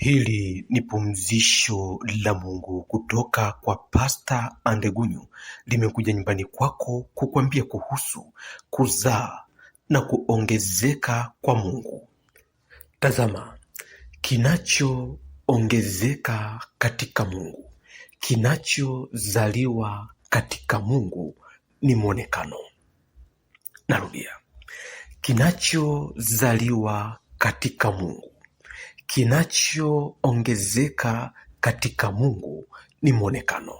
Hili ni pumzisho la Mungu kutoka kwa Pasta Andegunyu, limekuja nyumbani kwako kukuambia kuhusu kuzaa na kuongezeka kwa Mungu. Tazama kinachoongezeka katika Mungu, kinachozaliwa katika Mungu ni mwonekano. Narudia, kinachozaliwa katika Mungu kinachoongezeka katika Mungu ni mwonekano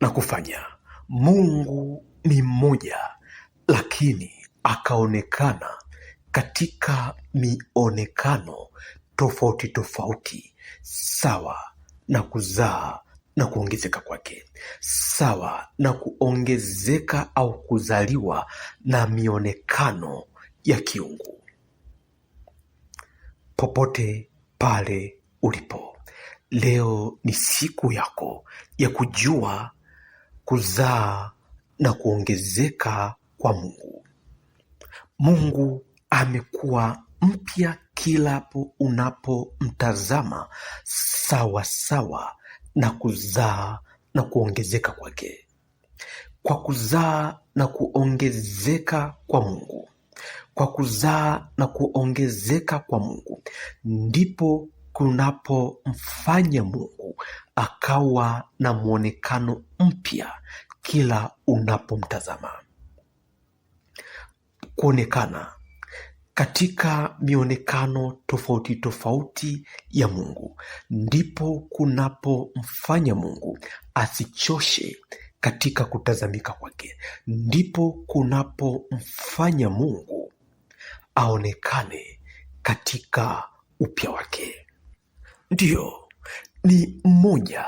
na kufanya Mungu ni mmoja, lakini akaonekana katika mionekano tofauti tofauti, sawa na kuzaa na kuongezeka kwake, sawa na kuongezeka au kuzaliwa na mionekano ya kiungu popote pale ulipo. Leo ni siku yako ya kujua kuzaa na kuongezeka kwa Mungu. Mungu amekuwa mpya kilapo unapomtazama sawa sawa na kuzaa na kuongezeka kwake. Kwa kuzaa na kuongezeka kwa Mungu kwa kuzaa na kuongezeka kwa Mungu ndipo kunapomfanya Mungu akawa na mwonekano mpya kila unapomtazama. Kuonekana katika mionekano tofauti tofauti ya Mungu ndipo kunapomfanya Mungu asichoshe katika kutazamika kwake, ndipo kunapomfanya Mungu aonekane katika upya wake. Ndiyo, ni mmoja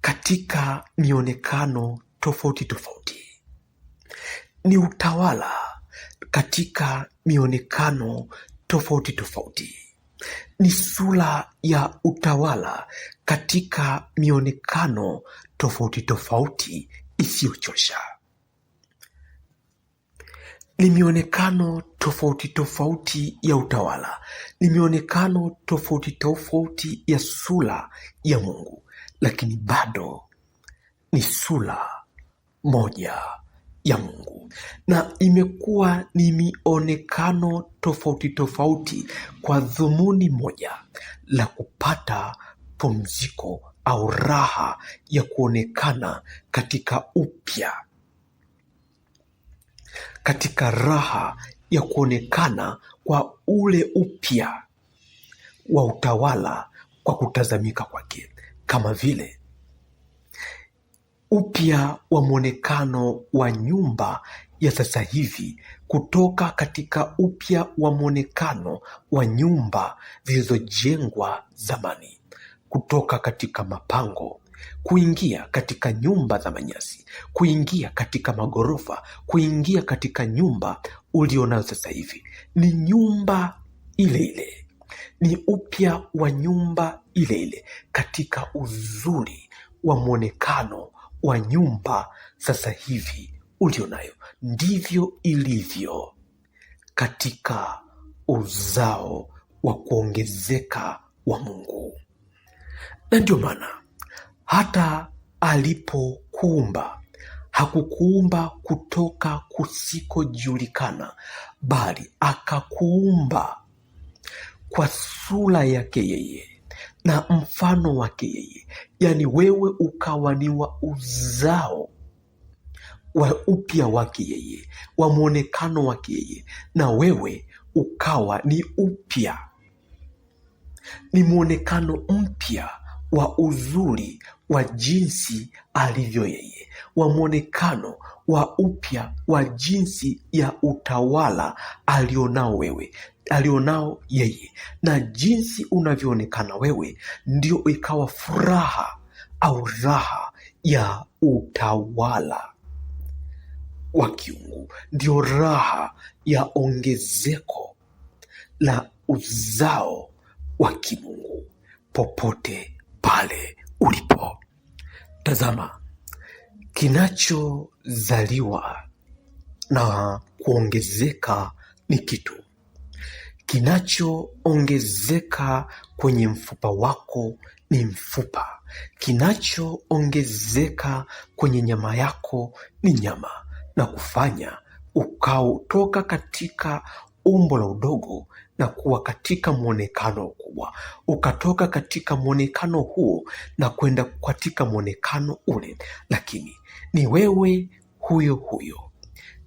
katika mionekano tofauti tofauti, ni utawala katika mionekano tofauti tofauti, ni sura ya utawala katika mionekano tofauti tofauti isiyochosha ni mionekano tofauti tofauti ya utawala, ni mionekano tofauti tofauti ya sura ya Mungu, lakini bado ni sura moja ya Mungu na imekuwa ni mionekano tofauti tofauti kwa dhumuni moja la kupata pumziko au raha ya kuonekana katika upya katika raha ya kuonekana kwa ule upya wa utawala kwa kutazamika kwake, kama vile upya wa mwonekano wa nyumba ya sasa hivi kutoka katika upya wa mwonekano wa nyumba zilizojengwa zamani, kutoka katika mapango kuingia katika nyumba za manyasi, kuingia katika magorofa, kuingia katika nyumba ulionayo sasa hivi ni nyumba ile ile, ni upya wa nyumba ile ile katika uzuri wa mwonekano wa nyumba sasa hivi ulionayo. Ndivyo ilivyo katika uzao wa kuongezeka wa Mungu, na ndio maana hata alipokuumba hakukuumba kutoka kusikojulikana, bali akakuumba kwa sura yake yeye na mfano wake yeye, yaani wewe ukawa ni wa uzao wa upya wake yeye, wa mwonekano wake yeye, na wewe ukawa ni upya, ni mwonekano mpya wa uzuri wa jinsi alivyo yeye, wa mwonekano wa upya wa jinsi ya utawala alionao wewe alionao yeye, na jinsi unavyoonekana wewe ndio ikawa furaha au raha ya utawala wa kiungu, ndio raha ya ongezeko la uzao wa kimungu popote pale ulipo. Tazama, kinachozaliwa na kuongezeka ni kitu kinachoongezeka kwenye mfupa wako ni mfupa, kinachoongezeka kwenye nyama yako ni nyama, na kufanya ukautoka katika umbo la udogo na kuwa katika mwonekano ukubwa, ukatoka katika mwonekano huo na kwenda katika mwonekano ule, lakini ni wewe huyo huyo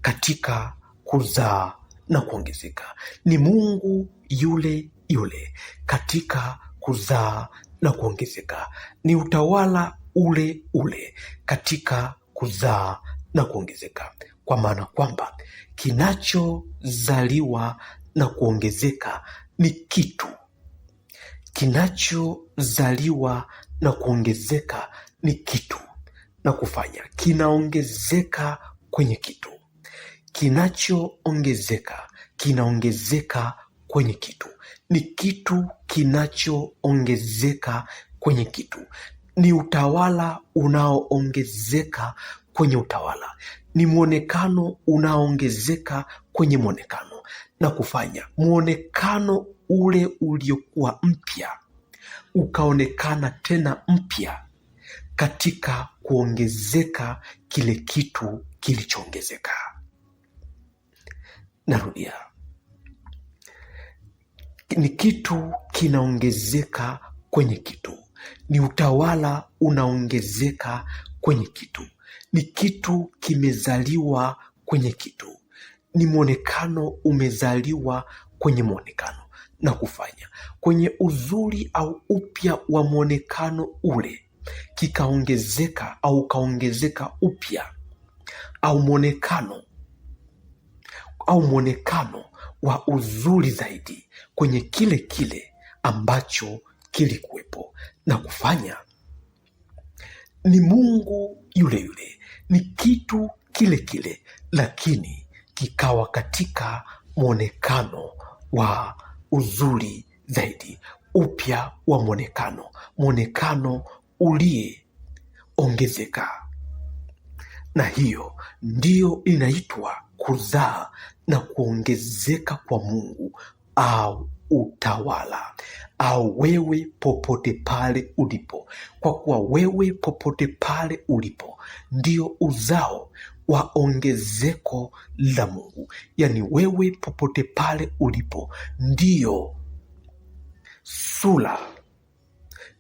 katika kuzaa na kuongezeka. Ni Mungu yule yule katika kuzaa na kuongezeka. Ni utawala ule ule katika kuzaa na kuongezeka, kwa maana kwamba kinachozaliwa na kuongezeka ni kitu kinachozaliwa na kuongezeka ni kitu na kufanya kinaongezeka kwenye kitu kinachoongezeka kinaongezeka kwenye kitu ni kitu kinachoongezeka kwenye kitu ni utawala unaoongezeka kwenye utawala ni mwonekano unaoongezeka kwenye mwonekano na kufanya mwonekano ule uliokuwa mpya ukaonekana tena mpya katika kuongezeka kile kitu kilichoongezeka. Narudia, ni kitu kinaongezeka kwenye kitu, ni utawala unaongezeka kwenye kitu, ni kitu kimezaliwa kwenye kitu, ni mwonekano umezaliwa kwenye mwonekano na kufanya kwenye uzuri au upya wa mwonekano ule kikaongezeka au ukaongezeka upya au mwonekano au mwonekano wa uzuri zaidi kwenye kile kile ambacho kilikuwepo na kufanya ni Mungu yule yule, ni kitu kile kile, lakini kikawa katika mwonekano wa uzuri zaidi, upya wa mwonekano, mwonekano uliyeongezeka Na hiyo ndiyo inaitwa kuzaa na kuongezeka kwa Mungu au utawala au wewe popote pale ulipo, kwa kuwa wewe popote pale ulipo ndio uzao wa ongezeko la Mungu. Yaani wewe popote pale ulipo ndiyo sura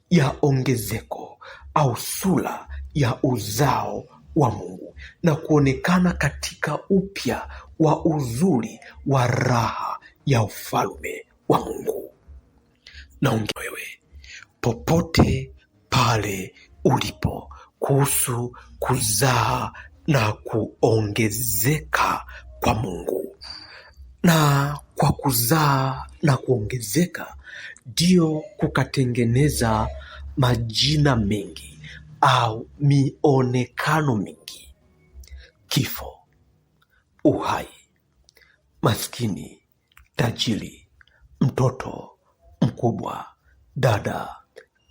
ya ongezeko au sura ya uzao wa Mungu na kuonekana katika upya wa uzuri wa raha ya ufalme wa Mungu. Naongea wewe popote pale ulipo kuhusu kuzaa na kuongezeka kwa Mungu na kwa kuzaa na kuongezeka ndio kukatengeneza majina mengi au mionekano mingi: kifo, uhai, maskini, tajiri, mtoto, mkubwa, dada,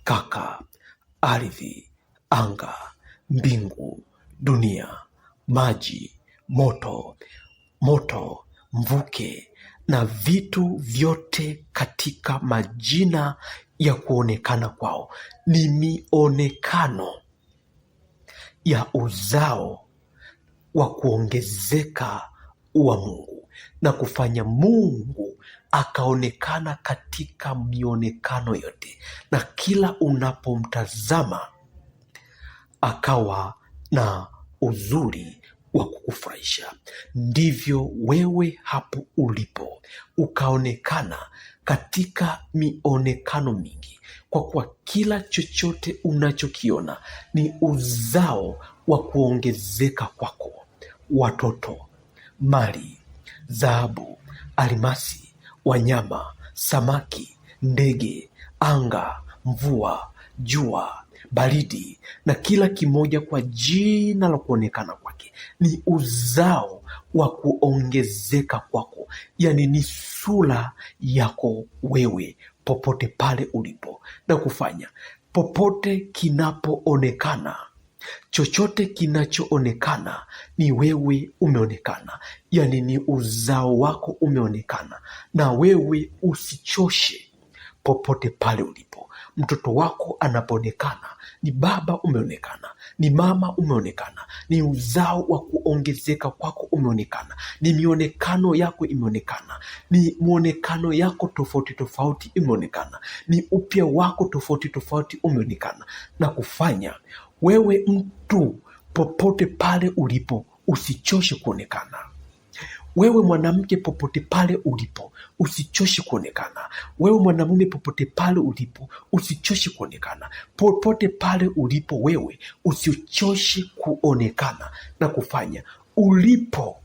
kaka, ardhi, anga, mbingu, dunia maji, moto, moto, mvuke na vitu vyote katika majina ya kuonekana kwao. Ni mionekano ya uzao wa kuongezeka wa Mungu na kufanya Mungu akaonekana katika mionekano yote, na kila unapomtazama akawa na uzuri wa kukufurahisha. Ndivyo wewe hapo ulipo ukaonekana katika mionekano mingi, kwa kuwa kila chochote unachokiona ni uzao wa kuongezeka kwako: watoto, mali, dhahabu, almasi, wanyama, samaki, ndege, anga, mvua, jua baridi na kila kimoja kwa jina la kuonekana kwake. Ni uzao wa kuongezeka kwako, yaani ni sura yako wewe, popote pale ulipo na kufanya popote kinapoonekana chochote kinachoonekana ni wewe umeonekana, yaani ni uzao wako umeonekana, na wewe usichoshe popote pale ulipo mtoto wako anapoonekana, ni baba umeonekana, ni mama umeonekana, ni uzao wa kuongezeka kwako umeonekana, ni mionekano yako imeonekana, ni mwonekano yako tofauti tofauti imeonekana, ni upya wako tofauti tofauti umeonekana na kufanya wewe mtu popote pale ulipo usichoshe kuonekana. Wewe mwanamke, popote pale ulipo, usichoshe kuonekana. Wewe mwanamume, popote pale ulipo, usichoshe kuonekana. Popote pale ulipo wewe, usichoshe kuonekana na kufanya ulipo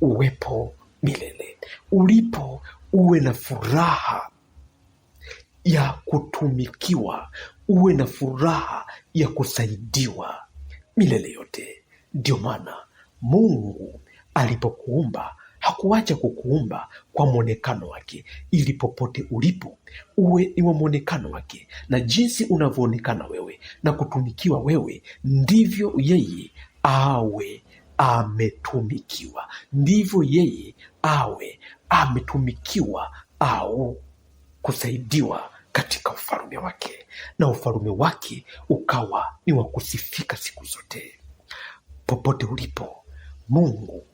uwepo milele. Ulipo uwe na furaha ya kutumikiwa, uwe na furaha ya kusaidiwa milele yote. Ndio maana Mungu alipokuumba hakuacha kukuumba kwa mwonekano wake, ili popote ulipo uwe ni wa mwonekano wake, na jinsi unavyoonekana wewe na kutumikiwa wewe, ndivyo yeye awe ametumikiwa, ndivyo yeye awe ametumikiwa au kusaidiwa katika ufalume wake, na ufalume wake ukawa ni wa kusifika siku zote. Popote ulipo Mungu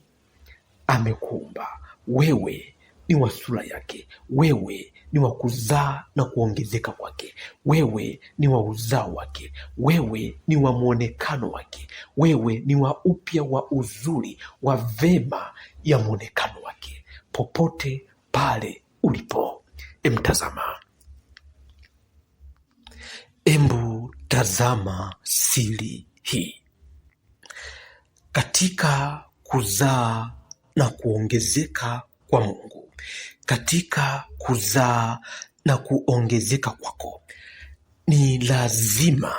amekuumba wewe ni wa sura yake, wewe ni wa kuzaa na kuongezeka kwake, wewe ni wa uzao wake, wewe ni wa mwonekano wake, wewe ni wa upya wa uzuri wa vema ya mwonekano wake, popote pale ulipo. Emtazama, embu tazama sili hii katika kuzaa na kuongezeka kwa Mungu, katika kuzaa na kuongezeka kwako, ni lazima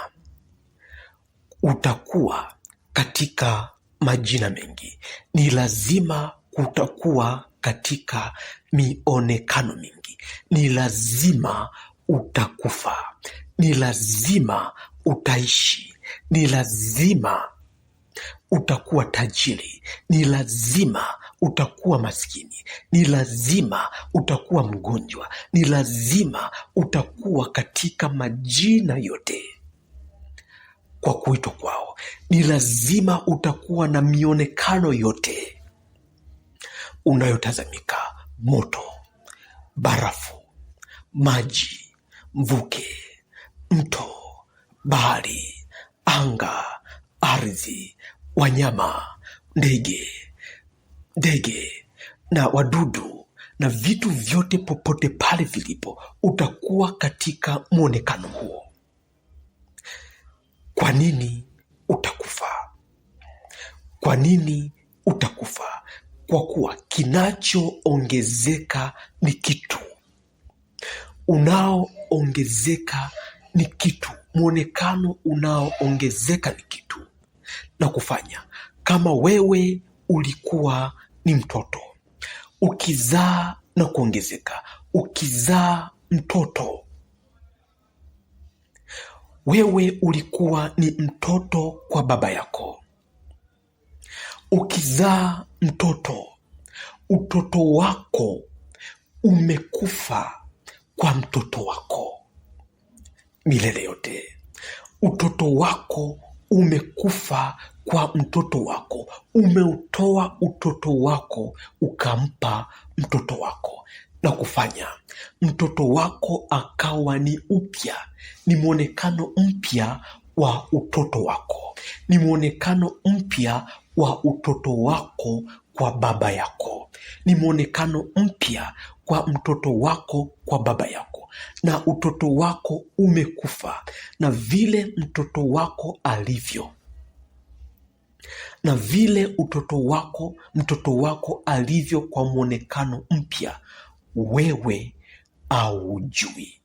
utakuwa katika majina mengi, ni lazima utakuwa katika mionekano mingi, ni lazima utakufa, ni lazima utaishi, ni lazima utakuwa tajiri, ni lazima utakuwa maskini, ni lazima utakuwa mgonjwa, ni lazima utakuwa katika majina yote kwa kuitwa kwao, ni lazima utakuwa na mionekano yote unayotazamika: moto, barafu, maji, mvuke, mto, bahari, anga, ardhi, wanyama, ndege ndege na wadudu na vitu vyote popote pale vilipo, utakuwa katika mwonekano huo. Kwa nini utakufa? Kwa nini utakufa? Kwa kuwa kinachoongezeka ni kitu, unaoongezeka ni kitu, mwonekano unaoongezeka ni kitu, na kufanya kama wewe ulikuwa ni mtoto. Ukizaa na kuongezeka, ukizaa mtoto. Wewe ulikuwa ni mtoto kwa baba yako, ukizaa mtoto, utoto wako umekufa kwa mtoto wako milele yote. Utoto wako umekufa kwa mtoto wako, umeutoa utoto wako ukampa mtoto wako na kufanya mtoto wako akawa ni upya, ni mwonekano mpya wa utoto wako, ni mwonekano mpya wa utoto wako kwa baba yako, ni mwonekano mpya kwa mtoto wako kwa baba yako, na utoto wako umekufa na vile mtoto wako alivyo na vile utoto wako mtoto wako alivyo kwa mwonekano mpya, wewe aujui,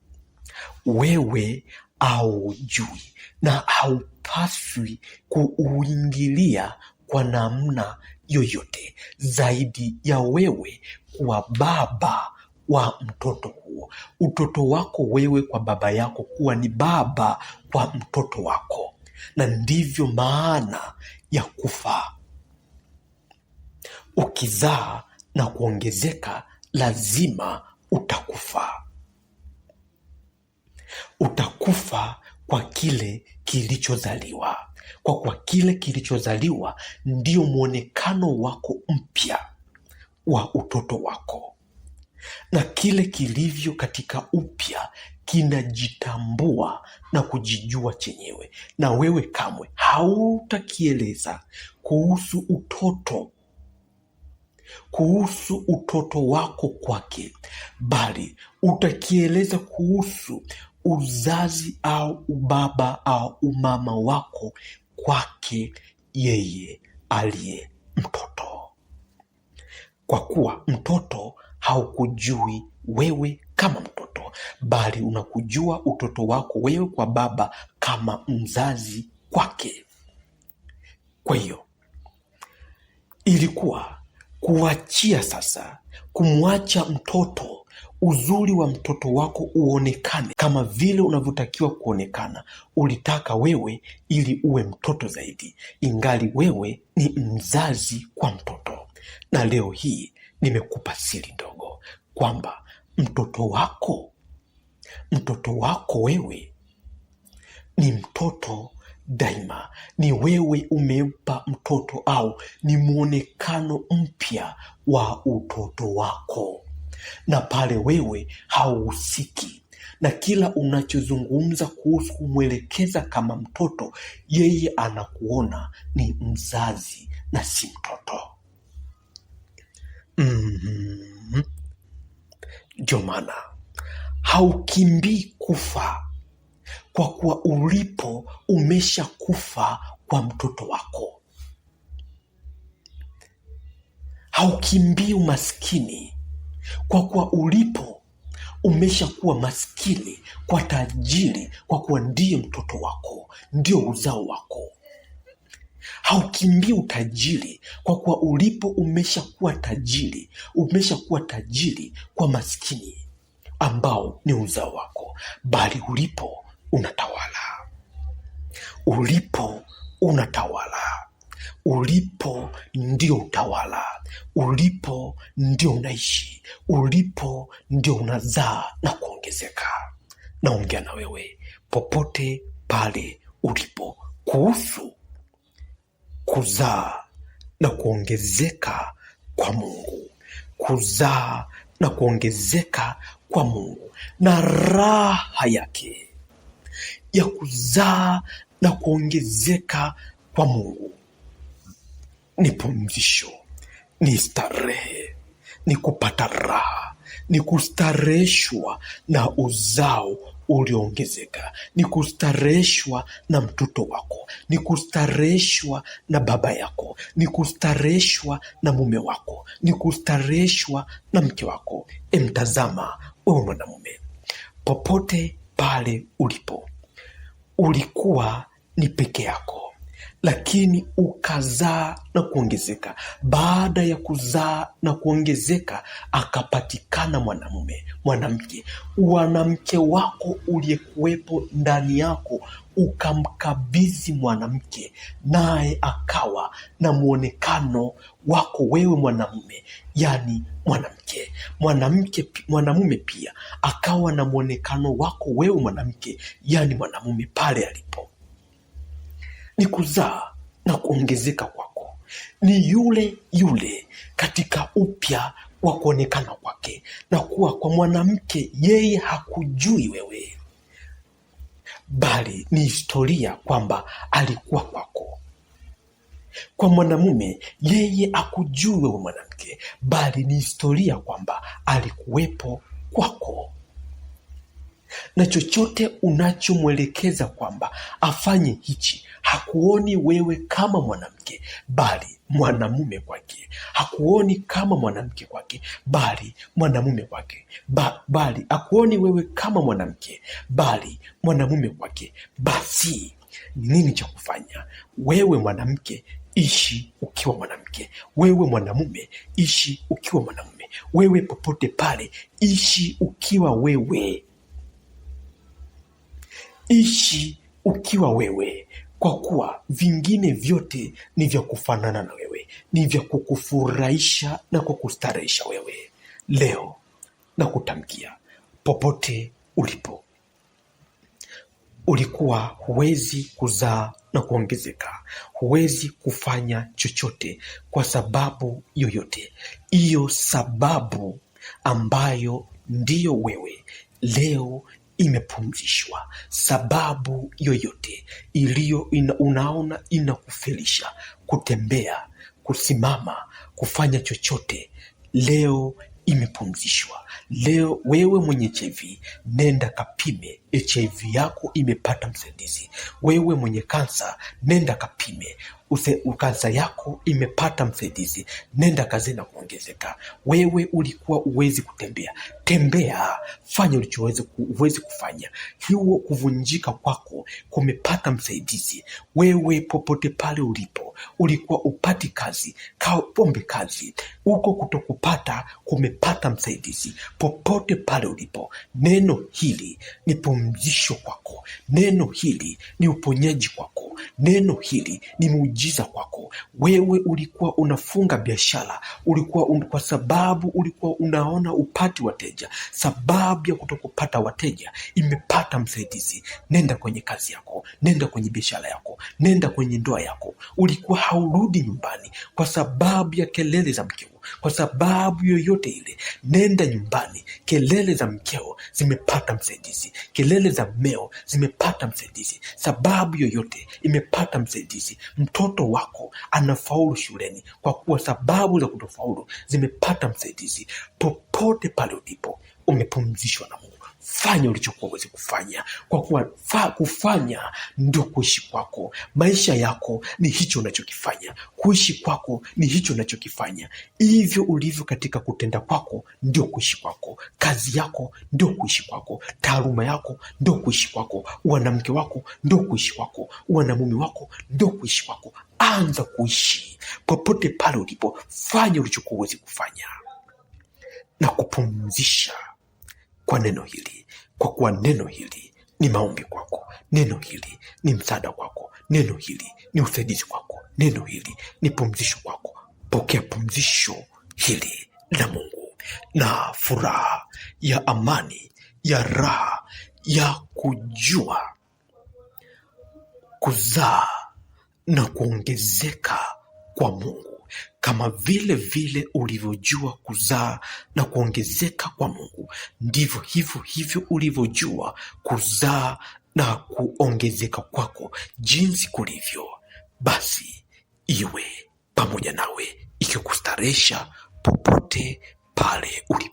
wewe aujui, na haupaswi kuuingilia kwa namna yoyote zaidi ya wewe kuwa baba wa mtoto huo. Utoto wako wewe kwa baba yako, kuwa ni baba kwa mtoto wako, na ndivyo maana ya kufa Ukizaa na kuongezeka, lazima utakufa Utakufa kwa kile kilichozaliwa, kwa kwa kile kilichozaliwa ndio mwonekano wako mpya wa utoto wako na kile kilivyo katika upya kinajitambua na kujijua chenyewe, na wewe kamwe hautakieleza kuhusu utoto kuhusu utoto wako kwake, bali utakieleza kuhusu uzazi au ubaba au umama wako kwake yeye aliye mtoto, kwa kuwa mtoto haukujui wewe kama mtoto, bali unakujua utoto wako wewe kwa Baba kama mzazi kwake. Kwa hiyo ilikuwa kuachia sasa, kumwacha mtoto, uzuri wa mtoto wako uonekane kama vile unavyotakiwa kuonekana. Ulitaka wewe ili uwe mtoto zaidi, ingali wewe ni mzazi kwa mtoto. Na leo hii nimekupa siri ndogo kwamba mtoto wako mtoto wako wewe ni mtoto daima, ni wewe umempa mtoto au ni mwonekano mpya wa utoto wako, na pale wewe hauhusiki na kila unachozungumza kuhusu kumwelekeza kama mtoto, yeye anakuona ni mzazi na si mtoto. Mm-hmm. maana haukimbii kufa, kwa kuwa ulipo umesha kufa kwa mtoto wako. Haukimbii umaskini, kwa kuwa ulipo umeshakuwa maskini kwa tajiri, kwa kuwa ndiye mtoto wako, ndio uzao wako. Haukimbii utajiri, kwa kuwa ulipo umeshakuwa tajiri, umeshakuwa tajiri kwa maskini ambao ni uzao wako, bali ulipo unatawala, ulipo unatawala, ulipo ndio utawala, ulipo ndio unaishi, ulipo ndio unazaa na kuongezeka. Naongea na wewe popote pale ulipo kuhusu kuzaa na kuongezeka kwa Mungu, kuzaa na kuongezeka kwa Mungu na raha yake ya kuzaa na kuongezeka kwa Mungu ni pumzisho, ni starehe, ni kupata raha ni kustareshwa na uzao ulioongezeka, ni kustareshwa na mtoto wako, ni kustareshwa na baba yako, ni kustareshwa na mume wako, ni kustareshwa na mke wako. Emtazama wewe mwanamume, popote pale ulipo, ulikuwa ni peke yako lakini ukazaa na kuongezeka. Baada ya kuzaa na kuongezeka, akapatikana mwanamume, mwanamke. Mwanamke wako uliyekuwepo ndani yako ukamkabidhi mwanamke, naye akawa na mwonekano wako wewe mwanamume, yani mwanamke. Mwanamke mwanamume pia akawa na mwonekano wako wewe mwanamke, yani mwanamume pale alipo ni kuzaa na kuongezeka kwako, ni yule yule katika upya wa kuonekana kwake, na kuwa kwa mwanamke yeye hakujui wewe, bali ni historia kwamba alikuwa kwako. Kwa mwanamume yeye akujui wewe mwanamke, bali ni historia kwamba alikuwepo kwako na chochote unachomwelekeza kwamba afanye hichi, hakuoni wewe kama mwanamke, bali mwanamume kwake. Hakuoni kama mwanamke kwake, bali mwanamume kwake ba, bali hakuoni wewe kama mwanamke, bali mwanamume kwake. Basi ni nini cha kufanya? Wewe mwanamke, ishi ukiwa mwanamke. Wewe mwanamume, ishi ukiwa mwanamume. Wewe popote pale, ishi ukiwa wewe ishi ukiwa wewe, kwa kuwa vingine vyote ni vya kufanana na wewe, ni vya kukufurahisha na kukustarehesha wewe. Leo na kutamkia popote ulipo, ulikuwa huwezi kuzaa na kuongezeka, huwezi kufanya chochote kwa sababu yoyote. Hiyo sababu ambayo ndiyo wewe leo imepumzishwa. Sababu yoyote iliyo ina, unaona inakufilisha kutembea, kusimama, kufanya chochote, leo imepumzishwa. Leo wewe mwenye HIV nenda kapime, HIV yako imepata msaidizi. Wewe mwenye kansa nenda kapime, kansa yako imepata msaidizi, nenda kazi na kuongezeka. Wewe ulikuwa uwezi kutembea, tembea, fanya ulichoweza uweze kufanya. Hiyo kuvunjika kwako kumepata msaidizi. Wewe popote pale ulipo, ulikuwa upati kazi, kaombe kazi. Uko kutokupata kumepata msaidizi. Popote pale ulipo, neno hili ni pumzisho kwako, neno hili ni uponyaji kwako, neno hili ni muujiza kwako. Wewe ulikuwa unafunga biashara, ulikuwa un, kwa sababu ulikuwa unaona upati wateja wateja. Sababu ya kutokupata wateja imepata msaidizi. Nenda kwenye kazi yako, nenda kwenye biashara yako, nenda kwenye ndoa yako. Ulikuwa haurudi nyumbani kwa sababu ya kelele za mkeo kwa sababu yoyote ile. Nenda nyumbani, kelele za mkeo zimepata msaidizi, kelele za mmeo zimepata msaidizi, sababu yoyote imepata msaidizi. Mtoto wako anafaulu shuleni kwa kuwa sababu za kutofaulu zimepata msaidizi. Popote pale ulipo, umepumzishwa na Mungu fanya ulichokuwa uweze kufanya, kwa kuwa kufanya ndo kuishi kwako. Maisha yako ni hicho unachokifanya, kuishi kwako ni hicho unachokifanya. Hivyo ulivyo katika kutenda kwako ndio kuishi kwako, kazi yako ndio kuishi kwako, taaluma yako ndio kuishi kwako, wanamke wako ndio kuishi kwako, wanamumi wako ndio kuishi kwako. Anza kuishi popote pale ulipo, fanya ulichokuwa uweze kufanya na kupumzisha kwa neno hili kwa kuwa neno hili ni maombi kwako, neno hili ni msaada kwako, neno hili ni usaidizi kwako, neno hili ni pumzisho kwako. Pokea pumzisho hili la Mungu na furaha ya amani ya raha ya kujua kuzaa na kuongezeka kwa Mungu. Kama vile vile ulivyojua kuzaa na kuongezeka kwa Mungu, ndivyo hivyo hivyo ulivyojua kuzaa na kuongezeka kwako jinsi kulivyo, basi iwe pamoja nawe ikikustaresha popote pale ulipo.